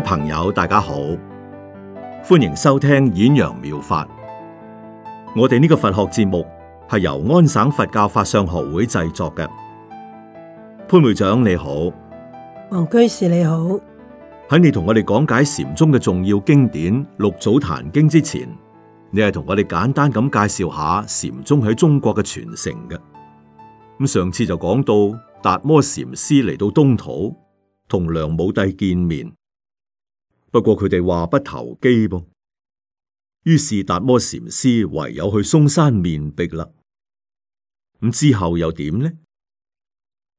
朋友，大家好，歡迎收聽演揚妙法。我哋呢個佛學節目係由安省佛教法相學會製作嘅。潘會長你好，黃居士你好。喺你同我哋講解禪宗嘅重要經典《六祖壇經》之前，你係同我哋簡單咁介紹下禪宗喺中國嘅傳承嘅。咁上次就講到達摩禪師嚟到東土同梁武帝見面。不過佢哋話不投機噃，於是達摩禪師唯有去嵩山面壁啦。咁之後又點呢？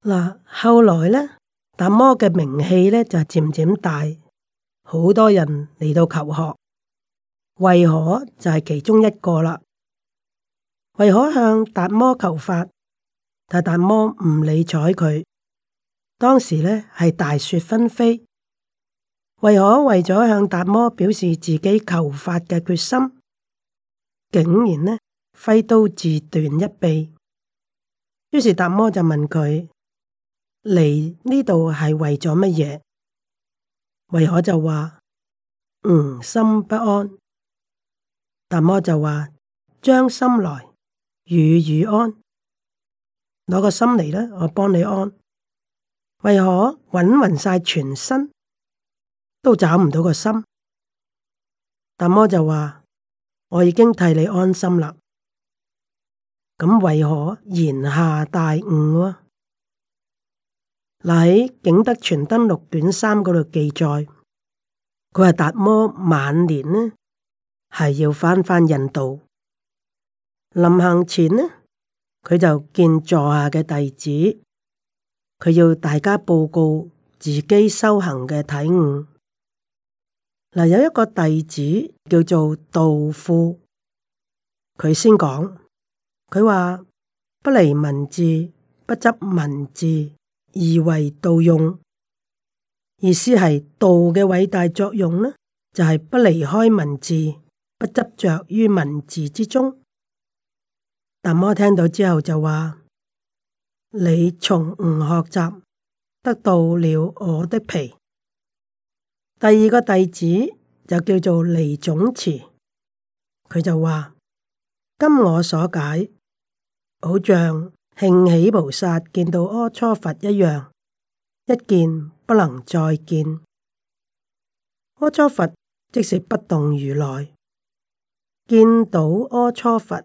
嗱，後來呢，達摩嘅名氣呢就漸漸大，好多人嚟到求學。慧可就係其中一個啦。慧可向達摩求法，但達摩唔理睬佢。當時呢係大雪紛飛。慧可為咗向達摩表示自己求法嘅決心，竟然呢揮刀自斷一臂。於是達摩就問佢嚟呢度係為咗乜嘢？慧可就話唔、嗯、心不安。達摩就話將心來與汝安，攞個心嚟啦，我幫你安。慧可揾匀晒全身，都找唔到個心，達摩就話：我已經替你安心啦。咁為何言下大悟，啊。喎，喺《景德傳燈錄》卷三嗰度記載，佢話達摩晚年呢，係要翻返印度，臨行前呢，佢就見座下嘅弟子，佢要大家報告自己修行嘅體悟。嗱，有一個弟子叫做道副，佢先講，佢話不離文字，不執文字而為道用，意思係道嘅偉大作用呢，就係、是、不離開文字，不執着於文字之中。達摩聽到之後就話：你從唔學習，得到了我的皮。.第二個弟子就叫做尼總持，佢就話：今我所解，好像慶喜菩薩見到阿閦佛一樣，一見不能再見。阿閦佛即是不動如來，見到阿閦佛，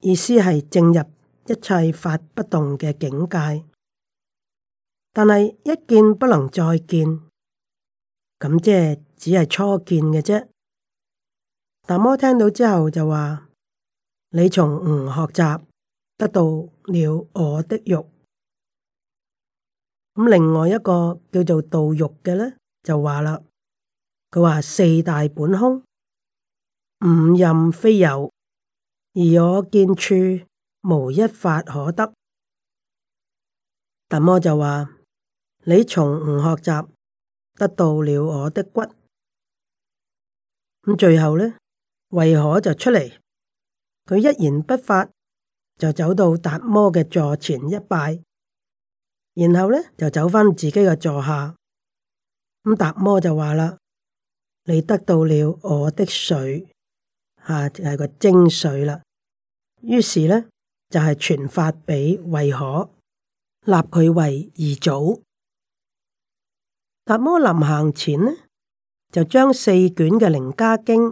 意思係證入一切法不動嘅境界，但係一見不能再見。咁即係只係初見嘅啫。達摩聽到之後就話，你從唔學習，得到了我的肉。咁另外一個叫做道育嘅呢，就話啦，佢話四大本空，五陰非有，而我見處無一法可得。達摩就話，你從唔學習。得到了我的骨，咁最後呢，慧可就出嚟，佢一言不發就走到達摩嘅座前一拜，然後呢，就走返自己嘅座下，咁、嗯、達摩就話啦：你得到了我的水，吓、啊、就係、是、個精髓啦。於是呢，就係、是、傳法俾慧可，立佢為二祖。達摩臨行前呢，就將四卷嘅《楞伽經》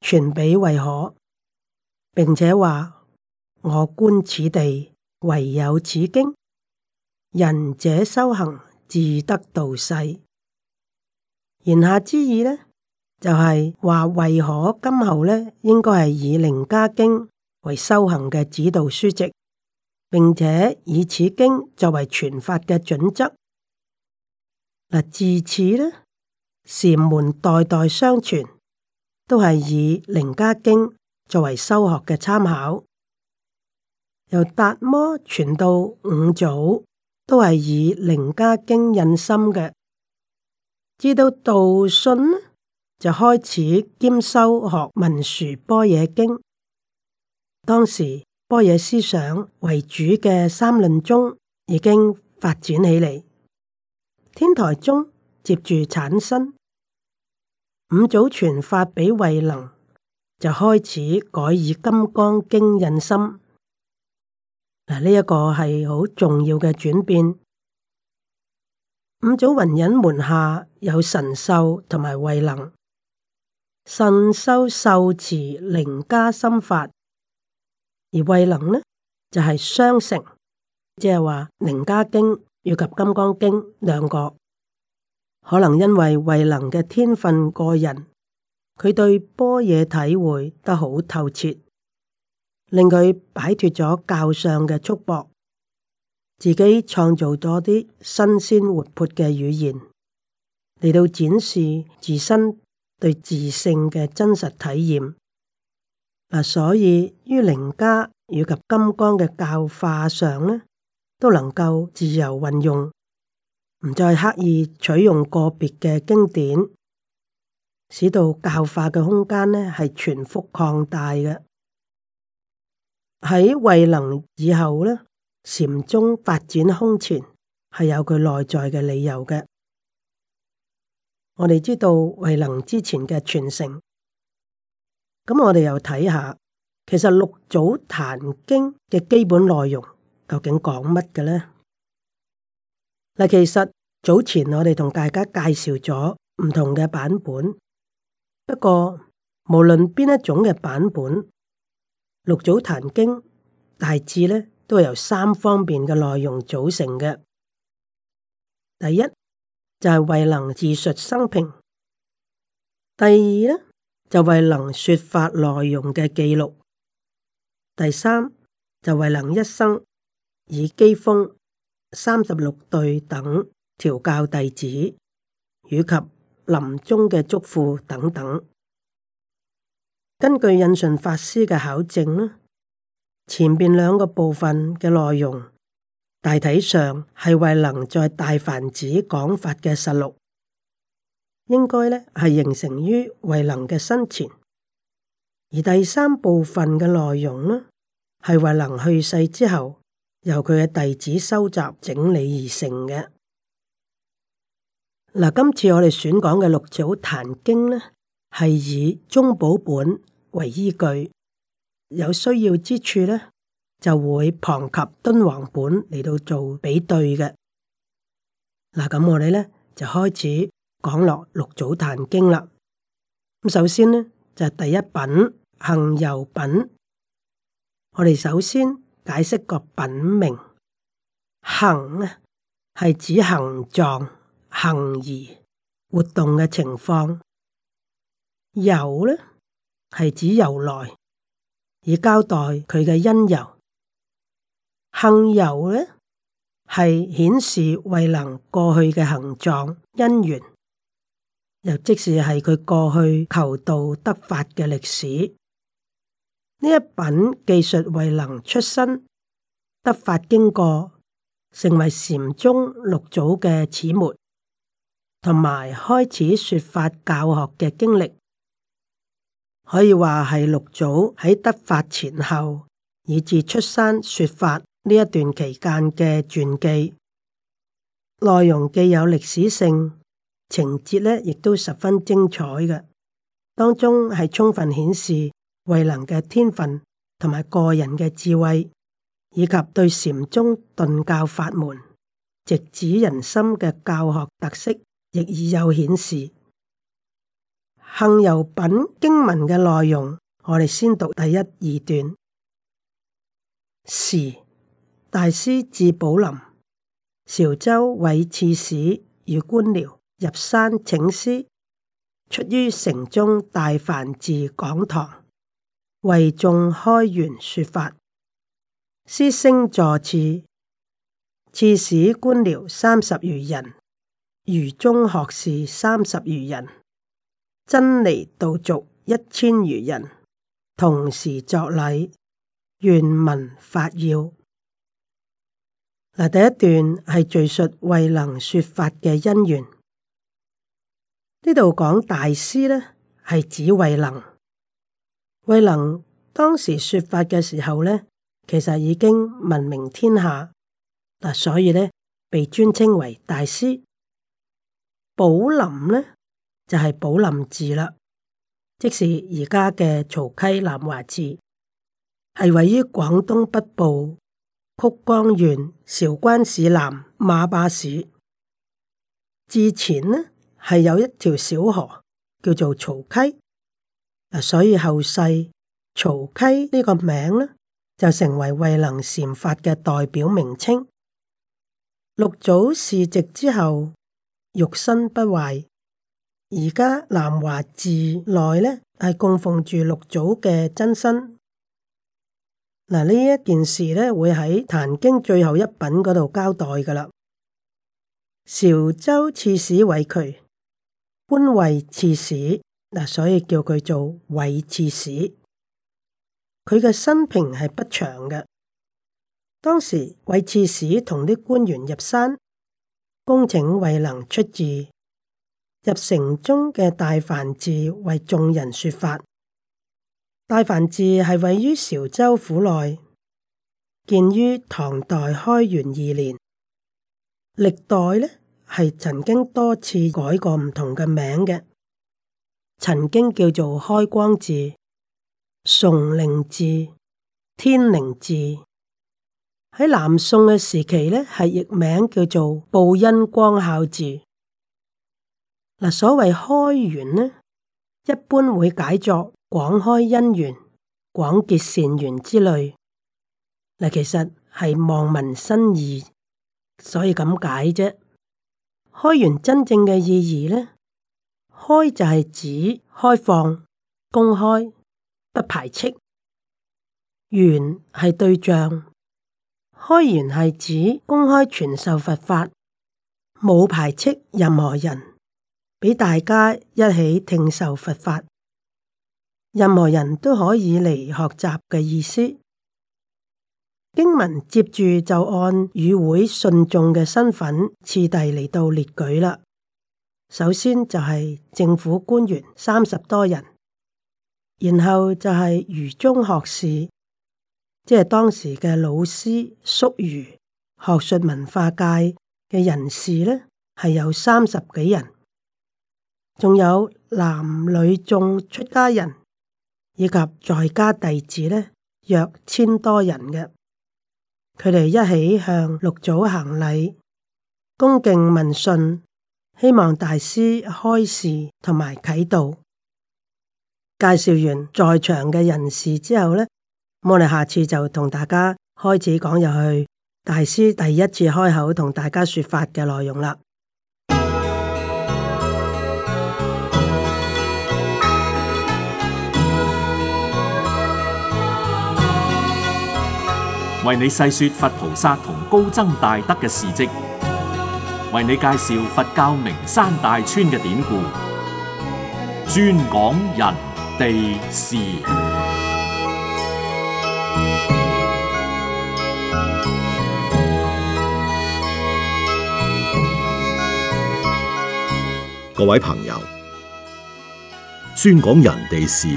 傳俾慧可，並且話：我觀此地唯有此經，仁者修行自得道世。言下之意呢，就係話慧可今後呢，應該係以《楞伽經》為修行嘅指導書籍，並且以此經作為傳法嘅準則。嗱，自此呢，禪門代代相傳，都係以《楞伽經》作為修學嘅參考。由達摩傳到五祖，都係以《楞伽經》印心嘅。至到道信呢，就開始兼修學文殊般若經。當時般若思想為主嘅三論宗已經發展起嚟。天台宗接住產生，五祖傳法俾慧能，就開始改以金剛經印心。嗱，呢一個係好重要嘅轉變。五祖弘忍門下有神秀同埋慧能，神秀受持楞伽心法，而慧能呢就係、是、雙成，即係話楞伽經以及金剛經兩個，可能因為慧能嘅天分過人，佢對般若體會得好透徹，令佢擺脫咗教上嘅束縛，自己創造咗啲新鮮活潑嘅語言嚟，到展示自身對自性嘅真實體驗。嗱，所以於楞伽以及金剛嘅教化上呢，都能夠自由運用，唔再刻意取用個別嘅經典，使到教化嘅空間呢係全幅擴大嘅。喺慧能以後呢，禪宗發展空前，係有佢內在嘅理由嘅。我哋知道慧能之前嘅傳承，咁我哋又睇下，其實六祖壇經嘅基本內容。究竟講乜嘅咧？嗱，其實早前我哋同大家介紹咗唔同嘅版本，不過無論邊一種嘅版本，《六祖壇經》大致咧都係由三方面嘅內容組成嘅。第一就係慧能自述生平，第二咧就慧能說法內容嘅記錄，第三就慧能一生，以機鋒三十六對等調教弟子，以及臨終嘅囑咐等等。根據印順法師嘅考證咧，前邊兩個部分嘅內容，大體上係慧能在大梵寺講法嘅實錄，應該咧係形成於慧能嘅生前；而第三部分嘅內容呢係慧能去世之後。由佢嘅弟子收集整理而成嘅。嗱，今次我哋選講嘅六祖壇經呢，係以宗寶本為依據，有需要之處呢，就會旁及敦煌本嚟到做比對嘅。嗱，咁我哋呢就開始講落六祖壇經啦。咁首先呢就係、是、第一品行由品，我哋首先。解釋個品名，行咧係指行狀、行儀、活動嘅情況；由咧係指由來，以交代佢嘅因由。行由咧係顯示慧能過去嘅行狀、因緣，又即使係佢過去求道得法嘅歷史。呢一品記述惠能出身、得法經過，成為禪宗六祖嘅始末，同埋開始說法教學嘅經歷，可以話係六祖喺得法前後以至出山說法呢一段期間嘅傳記。內容既有歷史性，情節呢亦都十分精彩嘅，當中係充分顯示。慧能嘅天分同埋個人嘅智慧，以及對禪宗頓教法門直指人心嘅教學特色，亦已有顯示。《行由品經文》嘅內容，我哋先讀第一二段。時大師至寶林，潮州韋刺史與官僚入山請師，出於城中大梵寺講堂。為眾開緣說法，師升座次，刺史官僚三十餘人，儒宗學士三十餘人，僧尼道俗一千餘人，同時作禮，願聞法要。嗱，第一段係敘述慧能說法嘅因緣，呢度講大師呢，係指慧能。慧能當時説法嘅時候呢，其實已經聞名天下嗱，所以呢，被尊稱為大師。寶林呢，就係、是、寶林寺啦，即是而家嘅曹溪南華寺，係位於廣東北部曲江縣韶關市南馬壩市。之前呢，係有一條小河，叫做曹溪。所以後世曹溪呢個名呢，就成為慧能禪法嘅代表名稱。六祖示寂之後，肉身不壞，而家南華寺內呢，係供奉住六祖嘅真身。嗱，呢一件事呢，會喺《壇經》最後一品嗰度交代噶啦。潮州刺史為渠，官為刺史。嗱，所以叫佢做韋刺史。佢嘅生平係不詳嘅。當時韋刺史同啲官員入山，恭請慧能出寺，入城中嘅大梵寺為眾人說法。大梵寺係位於潮州府內，建於唐代開元二年，歷代呢，係曾經多次改過唔同嘅名嘅。曾經叫做開光寺、崇寧寺、天寧寺。喺南宋嘅時期呢，係譯名叫做報恩光孝寺。嗱，所謂開元呢，一般會解作廣開因緣、廣結善緣之類。嗱，其實係望文生義，所以咁解啫。開元真正嘅意義呢？開就係指開放、公開，不排斥。緣係對象，開緣係指公開傳授佛法，冇排斥任何人，俾大家一起聽受佛法，任何人都可以嚟學習嘅意思。經文接住就按與會信眾嘅身份次第嚟到列舉啦。首先就係政府官員三十多人，然後就係儒中學士，即係當時嘅老師、宿儒、學術文化界嘅人士呢係有三十幾人，仲有男女眾出家人以及在家弟子咧，約千多人嘅，佢哋一起向六祖行禮，恭敬問訊。希望大師開示同埋啟導，介紹完在場嘅人士之後呢，我哋下次就同大家開始講入去大師第一次開口同大家說法嘅內容啦。為你細說佛菩薩同高僧大德嘅事跡。為你介紹佛教名山大川嘅典故，專講人地事。士各位朋友，專講人地事，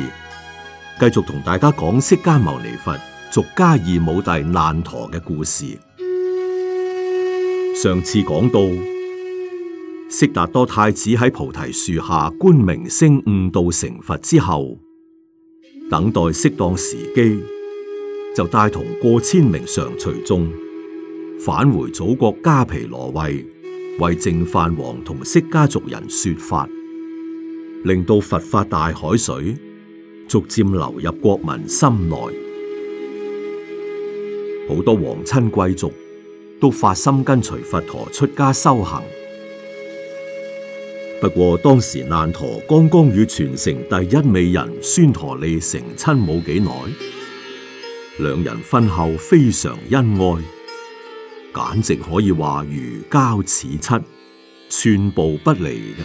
繼續同大家講釋迦牟尼佛俗家異母弟難陀嘅故事。上次講到，悉達多太子喺菩提樹下觀明星悟道成佛之後，等待適當時機，就帶同過千名常隨眾返回祖國迦毗羅衛，為淨飯王同釋迦族人說法，令到佛法大海水逐漸流入國民心內，好多皇親貴族。都發心跟隨佛陀出家修行。不過當時難陀剛剛與全城第一美人孫陀利成親冇幾耐，兩人婚後非常恩愛，簡直可以話如膠似漆，寸步不離嘅。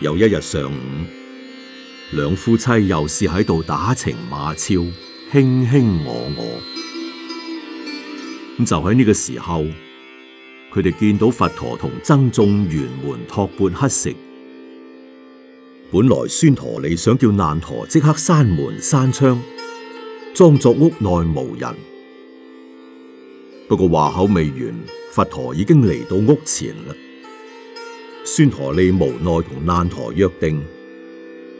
有一日上午，兩夫妻又是喺度打情罵俏，卿卿我我。咁就喺呢個時候，佢哋見到佛陀同僧眾沿門托缽乞食。本來孫陀利想叫難陀即刻閂門閂窗，裝作屋內無人。不過話口未完，佛陀已經嚟到屋前啦。孫陀利無奈同難陀約定，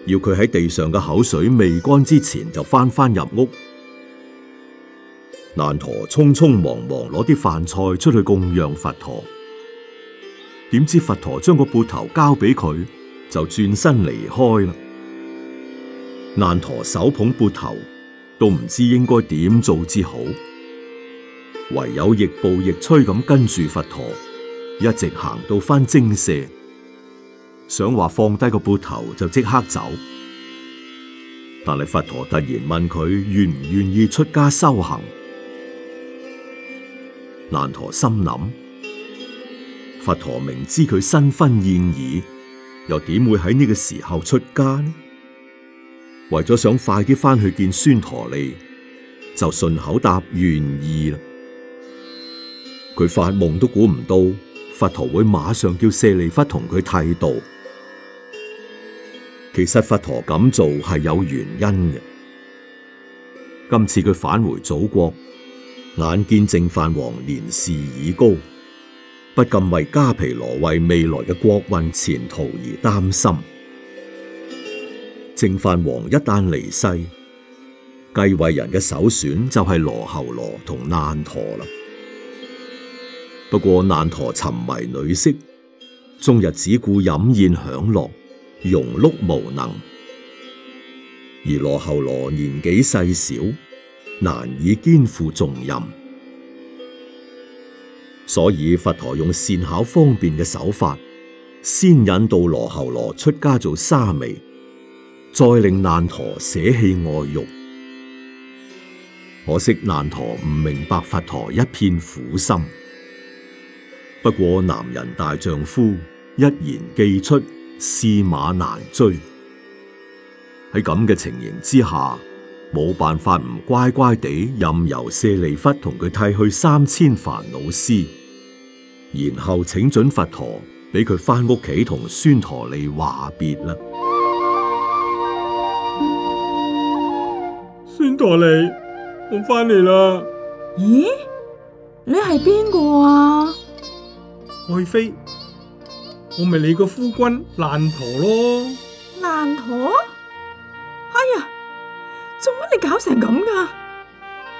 要佢喺地上嘅口水未乾之前就返返入屋。難陀匆匆忙忙攞啲飯菜出去供養佛陀，點知佛陀將個缽頭交俾佢，就轉身離開啦。難陀手捧缽頭，都唔知應該點做之好，唯有亦步亦趨咁跟住佛陀，一直行到返精舍，想話放低個缽頭就即刻走，但係佛陀突然問佢願唔願意出家修行。難陀心諗，佛陀明知佢新婚燕爾，又點會喺呢個時候出家呢？為咗想快啲翻去見孫陀利，就順口答願意啦。佢發夢都估唔到，佛陀會馬上叫舍利弗同佢剃度。其實佛陀咁做係有原因嘅。今次佢返回祖國。眼見淨飯王年事已高，不禁為迦毗羅衛未來嘅國運前途而擔心。淨飯王一旦離世，繼位人嘅首選就係羅睺羅同難陀啦。不過難陀沉迷女色，終日只顧飲宴享樂，庸碌無能；而羅睺羅年紀細小。難以肩負重任，所以佛陀用善巧方便嘅手法，先引導羅喉羅出家做沙彌，再令難陀捨棄外欲。可惜難陀唔明白佛陀一片苦心。不過男人大丈夫一言既出，駟馬難追。喺咁嘅情形之下。冇辦法，唔乖乖地任由舍利弗同佢剃去三千煩惱絲，然後請准佛陀俾佢翻屋企同孫陀利話別啦。孫陀利，我翻嚟啦！咦，你係邊個啊？愛妃，我咪你個夫君難陀咯。難陀？成咁噶，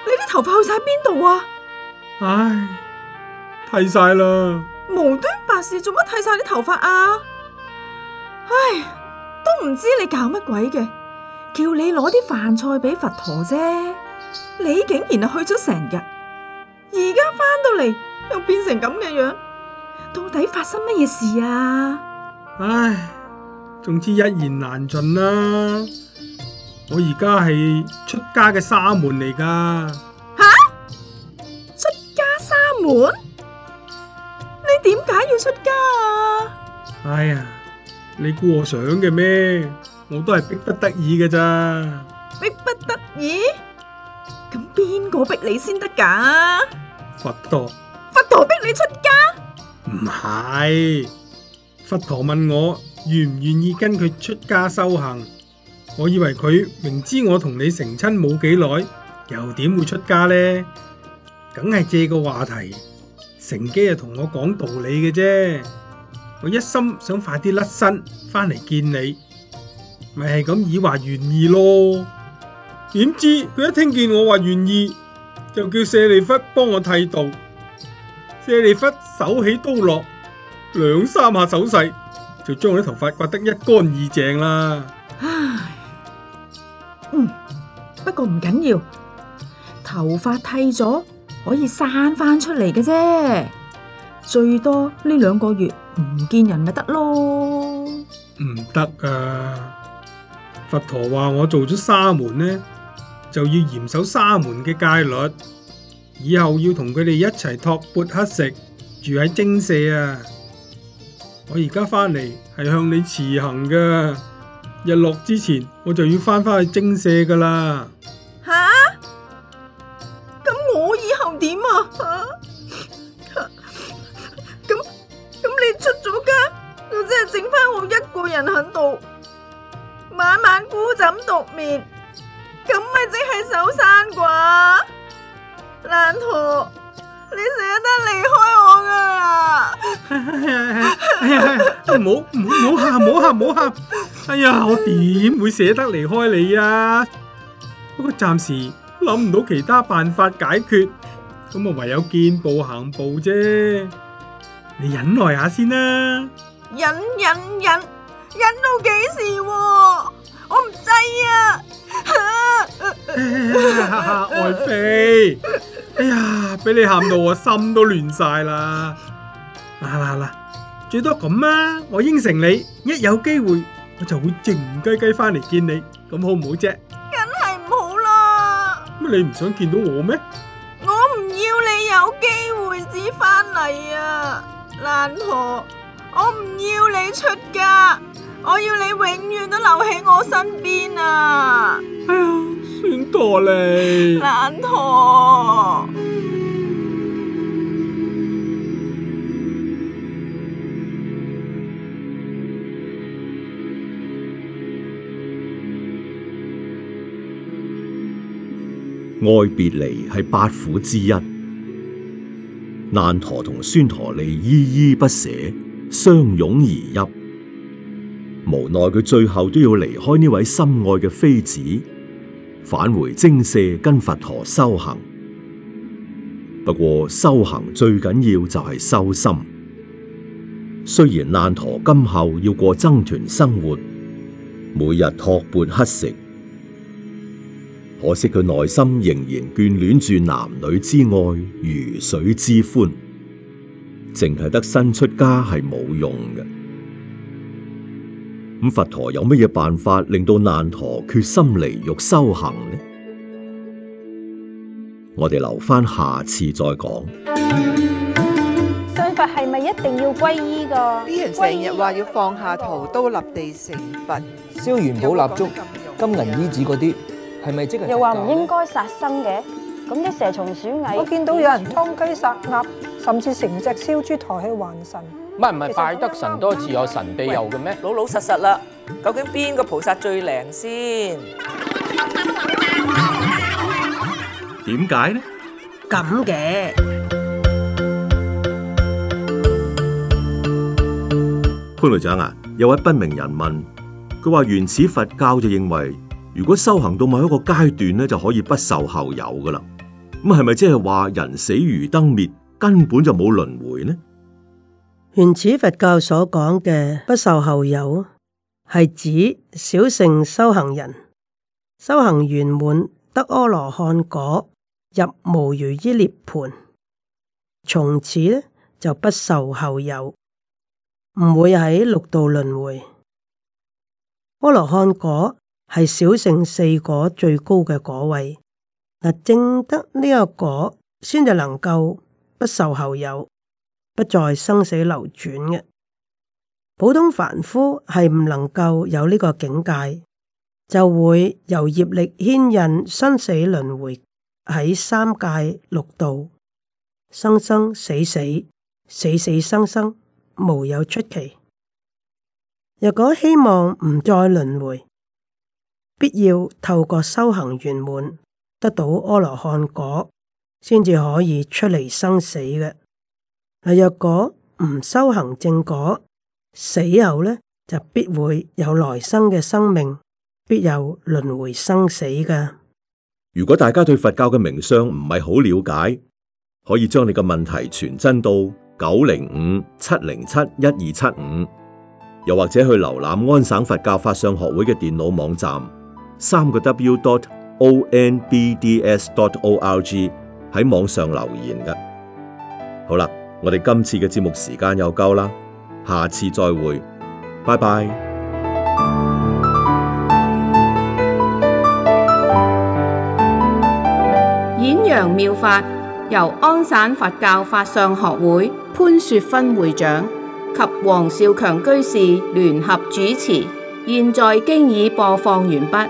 你啲頭髮去晒邊度啊？唉，剃晒啦！無端白事做乜剃晒啲頭髮啊？唉，都唔知你搞乜鬼嘅，叫你攞啲飯菜俾佛陀啫，你竟然去咗成日，而家翻到嚟，又變成咁嘅樣，樣，到底發生乜嘢事啊？唉，總之一言難盡啦、啊。我而家係出家嘅沙門嚟噶。吓、啊，出家沙門？你點解要出家啊？哎呀，你估我想嘅咩？我都係逼不得已嘅咋。逼不得已？咁邊個逼你先得噶？佛陀。佛陀逼你出家？唔係，佛陀問我願唔願意跟佢出家修行。我以為佢明知我同你成親冇幾耐，又點會出家呢？梗係借個話題，乘機啊同我講道理嘅啫。我一心想快啲甩身翻嚟見你，咪係咁以話願意咯。點知佢一聽見我話願意，就叫舍利弗幫我剃度。舍利弗手起刀落，兩三下手勢就將我啲頭髮刮得一乾二淨啦。嗯，不過唔緊要，頭髮剃咗可以生翻出嚟嘅啫，最多呢兩個月唔見人咪得咯。唔得啊！佛陀話我做咗沙門呢，就要嚴守沙門嘅戒律，以後要同佢哋一齊托鉢乞食，住喺精舍啊！我而家翻嚟係向你辭行噶。日落之前我就要翻翻去精舍噶啦。吓，咁我以後點啊？咁咁你出咗家，就真係剩翻我一個人喺度，晚晚孤枕獨眠，咁咪即係守生寡。難陀，你捨得離開我㗎？唔好，唔好，唔好喊，唔好喊，唔好喊！哎呀，我點會捨得離開你啊？不過暫時諗唔到其他辦法解決，咁啊唯有見步行步啫。你忍耐下先啦、啊，忍忍忍，忍到幾時、啊？我唔制啊、 哎呀！愛妃，哎呀，俾你喊到我心都亂晒啦！嗱嗱嗱，最多咁啦、啊，我應承你，一有機會。我就會靜雞雞翻嚟見你，咁好唔好啫？梗係唔好啦！乜你唔想見到我咩？我唔要你有機會至翻嚟啊！難陀，我唔要你出家，我要你永遠都留喺我身邊啊！哎呀，算陀你！難陀！愛別離係八苦之一，難陀同孫陀利依依不捨，相擁而泣，無奈佢最後都要離開呢位深愛嘅妃子，返回精舍跟佛陀修行。不過修行最緊要就係修心，雖然難陀今後要過僧團生活，每日托鉢乞食。可惜佢內心仍然眷戀住男女之愛、魚水之歡，淨係得身出家係冇用嘅。咁佛陀有乜嘢辦法令到難陀決心離欲修行呢？我哋留翻下次再講。信佛係咪一定要皈依噶？啲人成日話要放下屠刀立地成佛，燒、嗯、元寶蠟燭、金銀衣紙嗰啲。又話唔應該殺生嘅，咁啲蛇蟲鼠蟻，我見到有人劏雞殺鴨，甚至成隻燒豬抬去還神。唔係唔係，拜得神多自有神庇佑嘅咩？老老實實啦，究竟邊個菩薩最靈先？點解呢？咁嘅潘隊長啊，有位不明人問，佢話原始佛教就認為。如果修行到某一個階段咧，就可以不受後有噶啦。咁係咪即係話人死如燈滅，根本就冇輪迴呢？原始佛教所講嘅不受後有，係指小乘修行人修行圓滿得阿羅漢果，入無餘依涅盤，從此咧就不受後有，唔會喺六道輪迴。阿羅漢果。係小乘四果最高嘅果位，嗱，證得呢一個果，先至能夠不受後有，不再生死流轉嘅。普通凡夫係唔能夠有呢個境界，就會由業力牽引，生死輪回喺三界六道，生生死死，死死生生，無有出期。若果希望唔再輪回。必要透過修行圓滿，得到阿羅漢果，先至可以出嚟生死嘅。若果唔修行正果，死後咧就必會有來生嘅生命，必有輪迴生死噶。如果大家對佛教嘅名相唔係好了解，可以將你嘅問題傳真到九零五七零七一二七五，75，又或者去瀏覽安省佛教法相學會嘅電腦網站，三個 w.dot.o.n.b.d.s.dot.o.r.g 喺網上留言嘅。好啦，我哋今次嘅節目時間又夠啦，下次再會，拜拜。演揚妙法由安省佛教法相學會潘雪芬會長及黃少強居士聯合主持，現在經已播放完畢。